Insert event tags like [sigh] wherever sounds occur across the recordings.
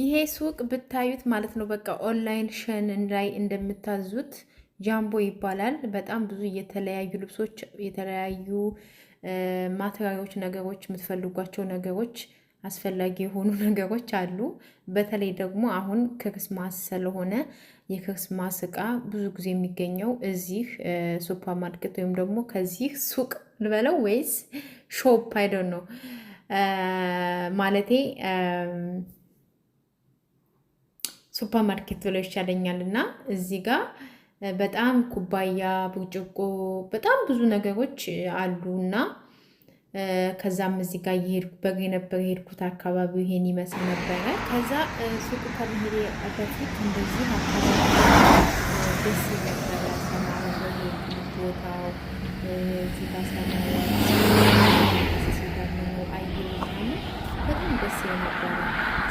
ይሄ ሱቅ ብታዩት ማለት ነው በቃ ኦንላይን ሸንን ላይ እንደምታዙት ጃምቦ ይባላል። በጣም ብዙ የተለያዩ ልብሶች፣ የተለያዩ ማቴሪያሎች፣ ነገሮች፣ የምትፈልጓቸው ነገሮች፣ አስፈላጊ የሆኑ [laughs] ነገሮች አሉ። በተለይ ደግሞ አሁን ክርስማስ ስለሆነ የክርስማስ እቃ ብዙ ጊዜ የሚገኘው እዚህ ሱፐርማርኬት ወይም ደግሞ ከዚህ ሱቅ ልበለው ወይስ ሾፕ አይደን ነው ማለቴ ሱፐር ማርኬት ብሎ ይሻለኛል እና እዚህ ጋር በጣም ኩባያ፣ ብርጭቆ፣ በጣም ብዙ ነገሮች አሉ እና ከዛም እዚህ ጋር በግ የነበረ የሄድኩት አካባቢ ይሄን ይመስል ነበረ። ከዛ ሱቅ ከመሄድ በፊት እንደዚህ አካባቢ ደስ ነበረ። ሰማረ ቦታው እዚህ ሰማረ ደግሞ አየሁ በጣም ደስ ነበረ።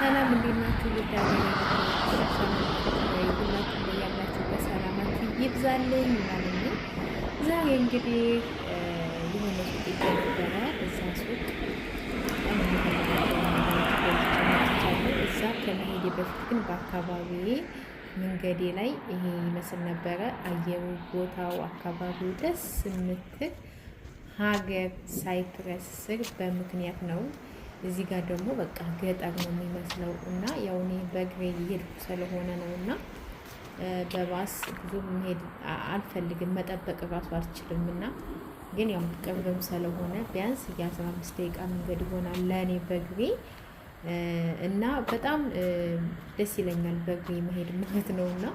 ሰላም እንዴት ናችሁ? ጉዳይ ይብዛልኝ ማለት ነው። ዛሬ እንግዲህ የሆነ ሱቅ ነበረ። እዛ ሱቅ እዛ ከመሄድ በፊት ግን በአካባቢዬ መንገዴ ላይ ይሄ ይመስል ነበረ። አየሩ፣ ቦታው፣ አካባቢው ደስ የምትል ሀገር ሳይፕረስ ስር በምክንያት ነው። እዚህ ጋር ደግሞ በቃ ገጠር ነው የሚመስለው እና ያው እኔ በእግሬ እየሄድኩ ስለሆነ ነው እና በባስ ብዙ መሄድ አልፈልግም፣ መጠበቅ ራሱ አልችልም። እና ግን ያው ቅርብም ስለሆነ ቢያንስ የአስራ አምስት ደቂቃ መንገድ ይሆናል ለእኔ በግቤ እና በጣም ደስ ይለኛል በግቤ መሄድ ማለት ነው። እና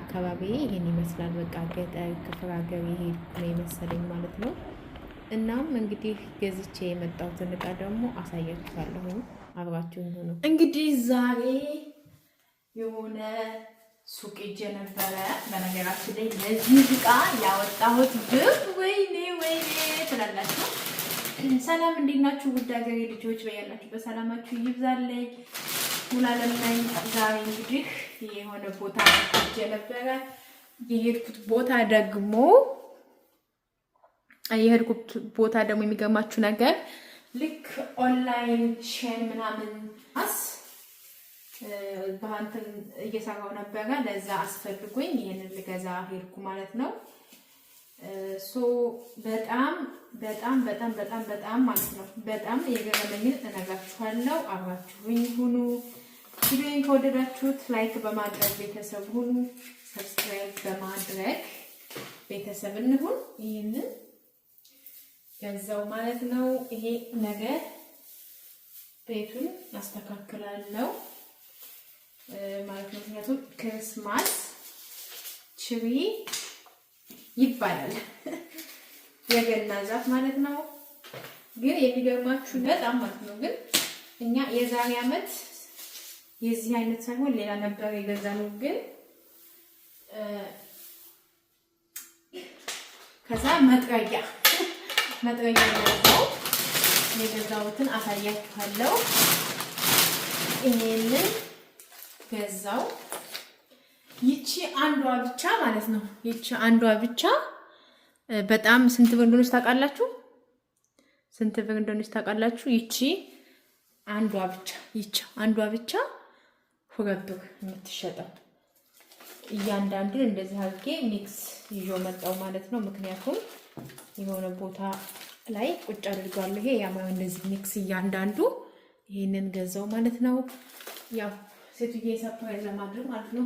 አካባቢ ይህን ይመስላል። በቃ ገጠር ክፍለ ሀገር የሄድኩ ነው የመሰለኝ ማለት ነው። እናም እንግዲህ ገዝቼ የመጣሁትን ዕቃ ደግሞ አሳያችኋለሁ። አብራችሁ ሆነው እንግዲህ ዛሬ የሆነ ሱቅ ሄጄ ነበረ። በነገራችን ላይ ለዚህ እቃ ያወጣሁት ብር ወይኔ ወይኔ ትላላችሁ። ሰላም እንዴት ናችሁ? ውድ ሀገሬ ልጆች በያላችሁበት ሰላማችሁ ይብዛለኝ። ሙላለም ላይ ዛሬ እንግዲህ የሆነ ቦታ ሄጄ ነበረ። የሄድኩት ቦታ ደግሞ የሄድኩት ቦታ ደግሞ የሚገርማችሁ ነገር ልክ ኦንላይን ሼር ምናምን አስ በአንተ እየሰራው ነበረ። ለዛ አስፈልጎኝ ይህንን ልገዛ ሄድኩ ማለት ነው። ሶ በጣም በጣም በጣም በጣም በጣም ማለት ነው በጣም የገረመኝን እነግራችኋለሁ። አብራችሁኝ ሁኑ። ቪዲዮን ከወደዳችሁት ላይክ በማድረግ ቤተሰብ ሁኑ። ሰብስክራይብ በማድረግ ቤተሰብ እንሁን። ይህንን ገዛው ማለት ነው። ይሄ ነገር ቤቱን አስተካክላለሁ። ማለት ነው። ምክንያቱም ክርስማስ ችሪ ይባላል [laughs] የገና ዛፍ ማለት ነው። ግን የሚገርማችሁ በጣም ማለት ነው ግን እኛ የዛሬ ዓመት የዚህ አይነት ሳይሆን ሌላ ነበር የገዛነው። ግን ከዛ መጥረጊያ [laughs] መጥረጊያ ነው የገዛሁትን አሳያችኋለሁ። ይሄንን ገዛው ይቺ አንዷ ብቻ ማለት ነው። ይቺ አንዷ ብቻ በጣም ስንት ብር እንደሆነች ታውቃላችሁ? ስንት ብር እንደሆነች ታውቃላችሁ? ይቺ አንዷ ብቻ ይቺ አንዷ ብቻ ሁለት ብር የምትሸጠው እያንዳንዱን እንደዚህ አድርጌ ሚክስ ይዞ መጣው ማለት ነው። ምክንያቱም የሆነ ቦታ ላይ ቁጭ አድርጓለሁ። ይሄ ያማ እንደዚህ ሚክስ እያንዳንዱ ይሄንን ገዛው ማለት ነው ያው ሴትዬ ሰርፕራይዝ ለማድረግ ማለት ነው።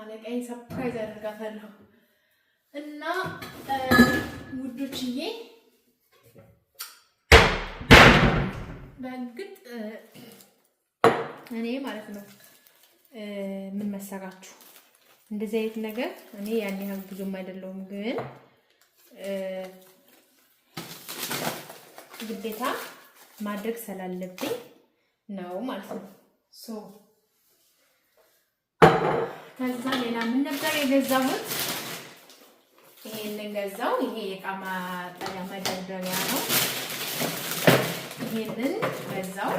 አለቃዬን ሰርፕራይዝ አደርጋታለሁ እና ውዶችዬ በእርግጥ እኔ ማለት ነው ምን መሰራችሁ እንደዚህ አይነት ነገር እኔ ያን ያህል ብዙም አይደለሁም፣ ግን ግዴታ ማድረግ ስላለብኝ ነው ማለት ነው ከዛ ሌላ ምን ነበር የገዛሁት? ይሄንን ገዛው። ይሄ የእቃ ማጠቢያ መደርደሪያ ነው። ይሄንን ገዛው።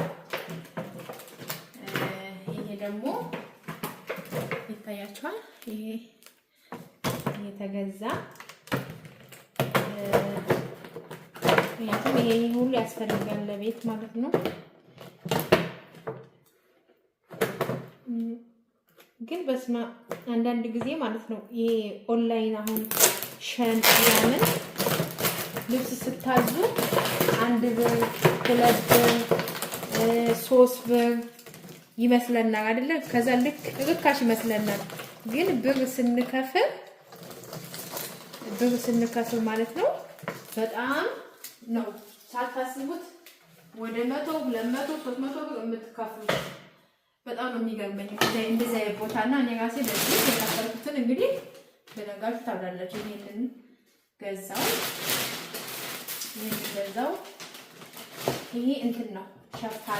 ይሄ ደግሞ ይታያችኋል። ይሄ የተገዛ ምክንያቱም ይሄ ሁሉ ያስፈልጋል ለቤት ማለት ነው። ግን በስማ አንዳንድ ጊዜ ማለት ነው ይሄ ኦንላይን አሁን ሸን ያምን ልብስ ስታዙ አንድ ብር ሁለት ብር ሶስት ብር ይመስለናል አይደለ? ከዛ ልክ ርካሽ ይመስለናል። ግን ብር ስንከፍል ብር ስንከፍል ማለት ነው በጣም ነው ሳታስቡት ወደ መቶ ሁለት መቶ ሶስት መቶ ብር የምትከፍሉት በጣም ነው የሚገርመኝ እንደዚህ አይነት ቦታ እና እኔ ራሴ ለዚህ የከፈልኩትን እንግዲህ በነጋችሁ ታብላላችሁ። ይሄንን ገዛው ይሄንን ገዛው። ይሄ እንትን ነው ሸፋጣ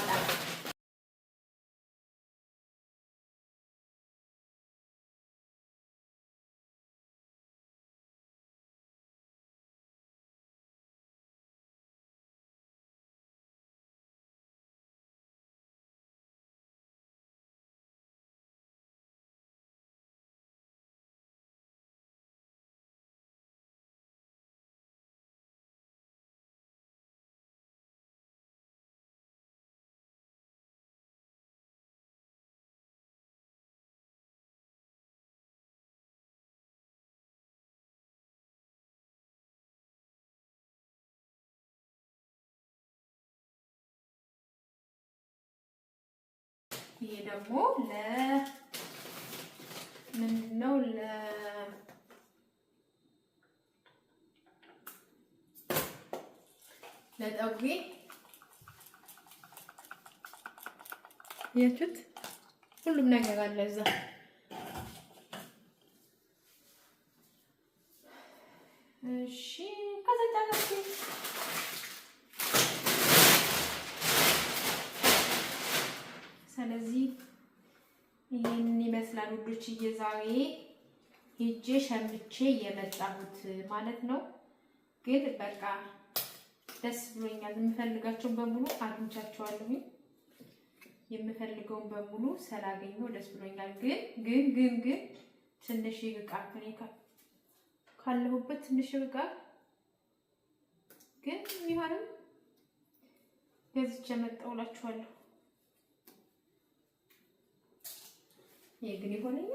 ይሄ ደግሞ ለምንድን ነው? ለጠጉ ያችሁት ሁሉም ነገር አለ እዛ ልጆችዬ ዛሬ ሄጄ ሸምቼ የመጣሁት ማለት ነው። ግን በቃ ደስ ብሎኛል። የምፈልጋቸውን በሙሉ አግኝቻቸዋለሁ። የምፈልገውን በሙሉ ስላገኘሁ ደስ ብሎኛል። ግን ግን ግን ግን ትንሽ ይብቃ ሁኔታ ካለሁበት ትንሽ ይብቃ። ግን የሚሆንም ገዝቼ መጣሁላችኋለሁ። ይሄ ግን ይሆነኛል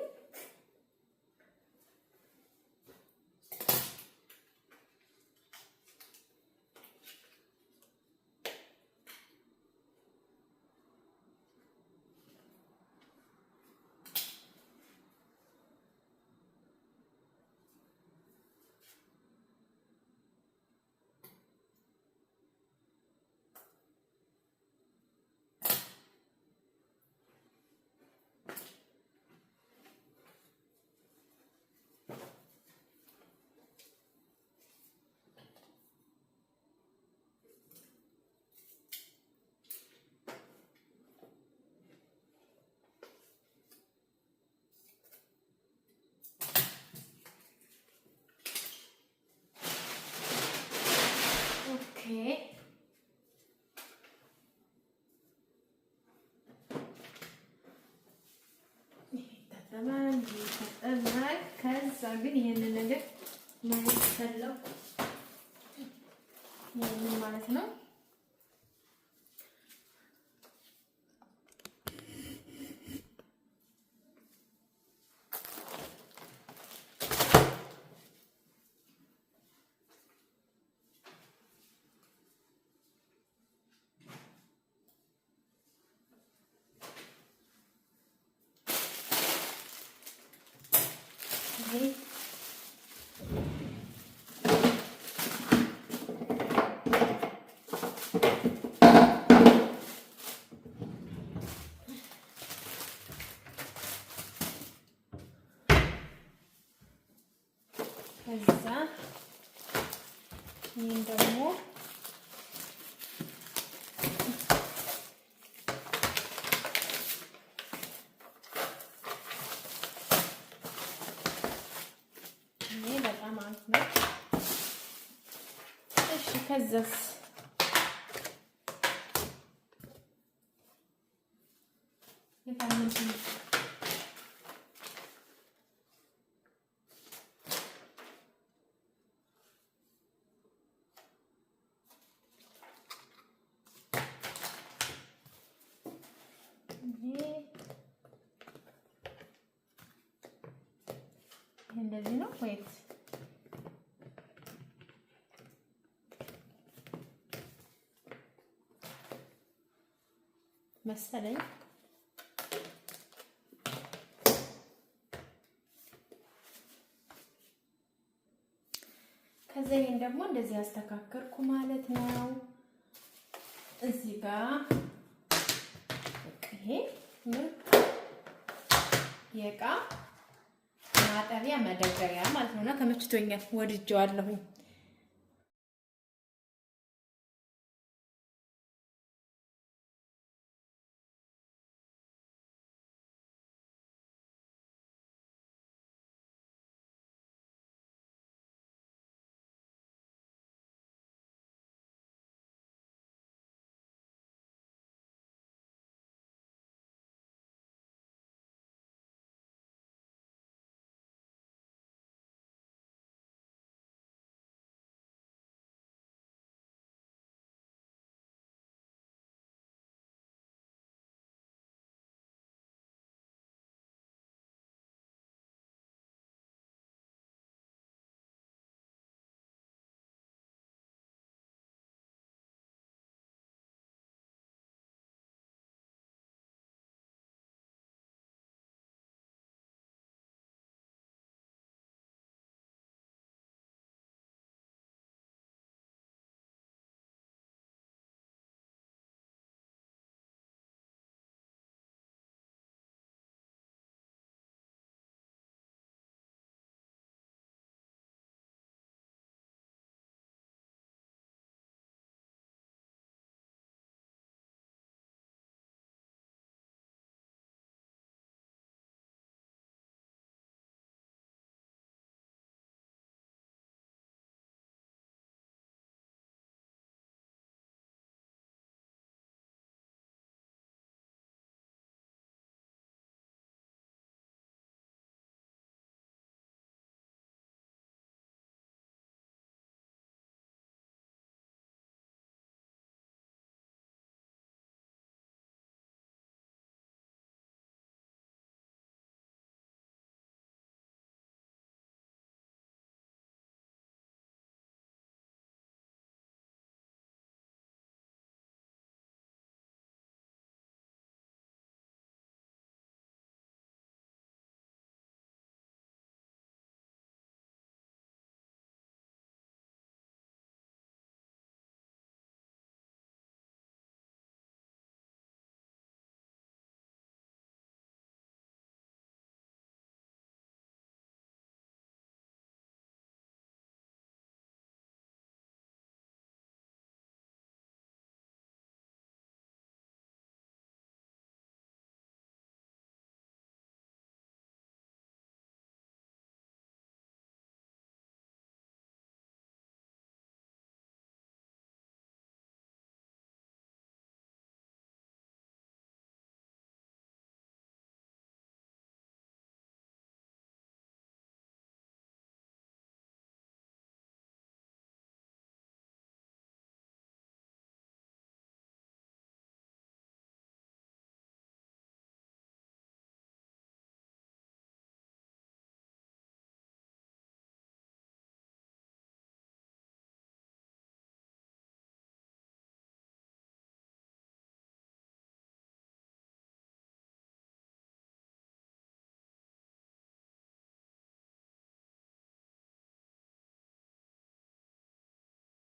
ሰለኩ ማለት ነው። እዛ ይህን ደግሞ በጣም አሪፍ ነው። እሺ ከዛስ የታመ እንደዚህ ነው ወይስ መሰለኝ ከዛ ይሄን ደግሞ እንደዚህ ያስተካከልኩ ማለት ነው። እዚህ ጋር ይሄ ምርጥ ማጠቢያ መደርደሪያ ማለት ነው እና ተመችቶኛል፣ ወድጀዋለሁኝ።